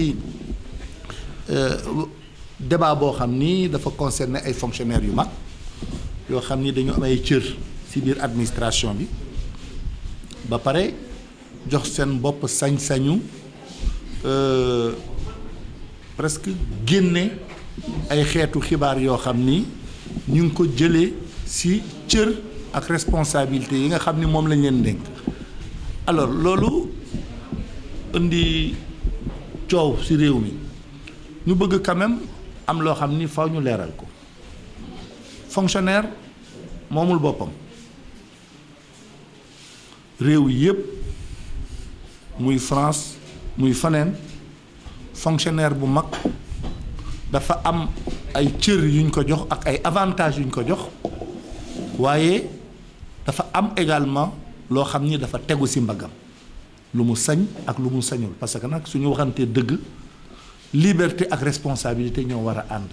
ci euh, débat boo xam ni dafa concerné ay fonctionnaires yu mag yoo xam ni dañu am ay cër ci biir administration bi ba pare jox seen bopp sañ-sañu euh, presque génne ay xeetu xibaar yoo xam ni ñu ngi ko jëlee ci cër ak responsabilité yi nga xam ni moom lañ leen dénk alors loolu indi coow ci réew mi ñu bëgg quand am loo xam ni faw ñu leeral ko fonctionnaire moomul boppam réew yépp muy France muy faneen fonctionnaire bu mag dafa am ay cër yuñ ko jox ak ay avantages yuñ ko jox waaye dafa am également loo xam ni dafa tegu ci mbagam lu mu sañ ak lu mu sañul parce que nag suñu waxantee dëgg liberté ak responsabilité ñoo war a ànd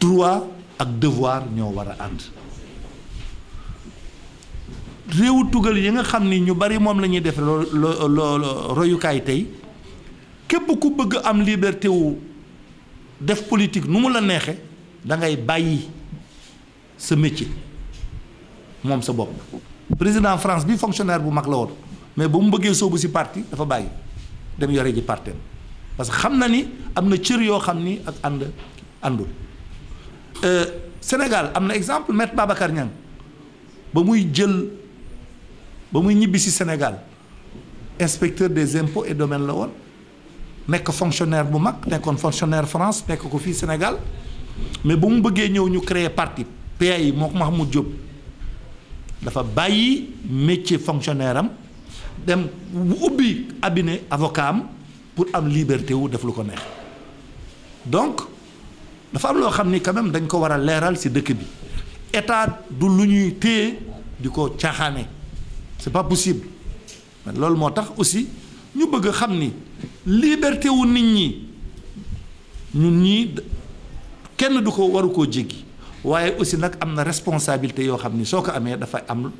droit ak devoir ñoo war a ànd réewu tugal yi nga xam ni ñu bari moom la ñuy def loo royukaay tey képp ku bëgg am liberté wu def politique nu mu la neexe da ngay bàyyi sa métier moom sa bopp président France bi fonctionnaire bu mag la woon mais ba mu bëggee soobu si parti dafa bàyyi dem yore ji partem parce que xam na ni am na cër yoo xam ni ak ànd àndul euh, Sénégal am na exemple maître Babacar ba muy jël ba muy ñibbi si Sénégal inspecteur des impôts et domaines la woon nekk fonctionnaire bu mag nekkoon fonctionnaire France nekk ko fii Sénégal mais ba mu bëggee ñëw ñu créer parti PAI moo ko Mahmoud Diop dafa bàyyi métier fonctionnaire am. dem ubbi abine avocam pour am liberté wu def lu ko neex donc dafa am loo xam ni quand dañ ko war a leeral ci dëkk bi état du lu ñuy téye di ko caaxaane c'est pas possible loolu moo tax aussi ñu bëgg xam ni liberté wu nit ñi ñu ñii kenn du ko waru koo jéggi waaye aussi nag am na responsabilité yoo xam ni soo ko amee dafay am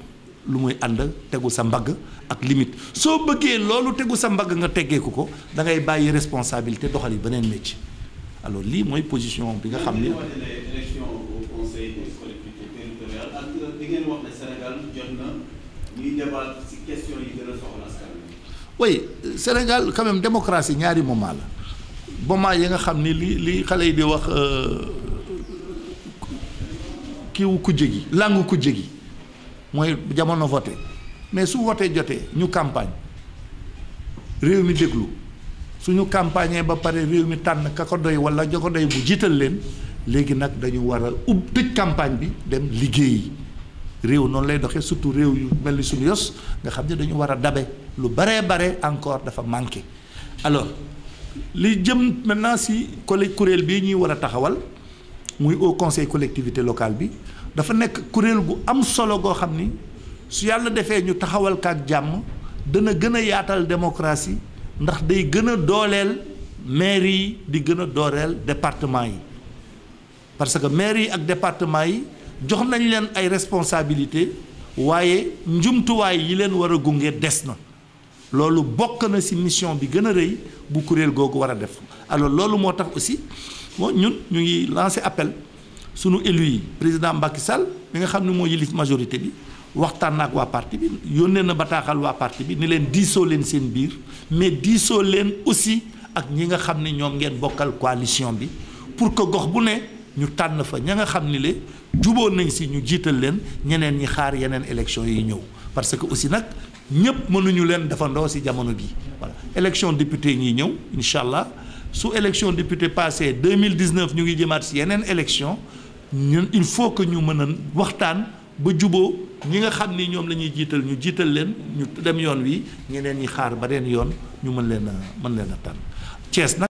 lu muy ànd tegu sa mbagg ak limite soo bëggee loolu tegu sa mbagg nga teggeeku ko da ngay bàyyi responsabilité doxal yi beneen métier alors lii mooy position bi nga xam ni. oui Sénégal ñaari moment la moment yi nga xam ni li li xale yi di wax euh, kiiwu kujje gi làngu kujje gi mooy jamono voté mais su voté jotee ñu campagne réew mi déglu suñu campagne ba pare réew mi tànn ka ko doy wala ja ko doy bu jiital leen léegi nag dañu war a ub tëj campagne bi dem liggéeyi réew noonu lay doxee surtout réew yu mel ni suñu yos nga xam ne dañu war a dabe lu baree bare encore dafa manqué alors li jëm maintenant si kole kuréel bii ñuy war a taxawal muy au conseil collectivité locale bi dafa nekk kuréel gu am solo goo xam ni su yàlla defee ñu taxawal kaak jàmm dana gën a yaatal démocratie ndax day gën a dooleel maire yi di gën a dooleel département yi parce que maire yi ak département yi jox nañu leen ay responsabilité waaye njumtuwaay yi leen war a gunge des na loolu bokk na ci mission bi gën a rëy bu kuréel googu war a def alors loolu moo tax aussi moo ñun ñu ngi lancé appel sunu élu yi président Macky Sall mi nga xam ne moo yilif majorité bi waxtaan na ak waa parti bi yónnee na bataaxal waa parti bi ni leen diisoo leen seen biir mais diisoo leen aussi ak ñi nga xam ne ñoom ngeen bokkal coalition bi pour que gox bu ne ñu tànn fa ña nga xam ni le juboo nañ si ñu jiital leen ñeneen ñi xaar yeneen élection yi ñëw parce que aussi nag ñëpp mënuñu leen defandoo si jamono bi voilà élection député ñëw incha allah. su élection député passé deux mille dix neuf ñu ngi jëmaat si yeneen élection ñun il faut que ñu mën a waxtaan ba juboo ñi nga xam ni ñoom la ñuy jiital ñu jiital leen ñu dem yoon wi ñeneen ñi xaar ba beneen yoon ñu mën leen a mën leen a tànn Thiès nag.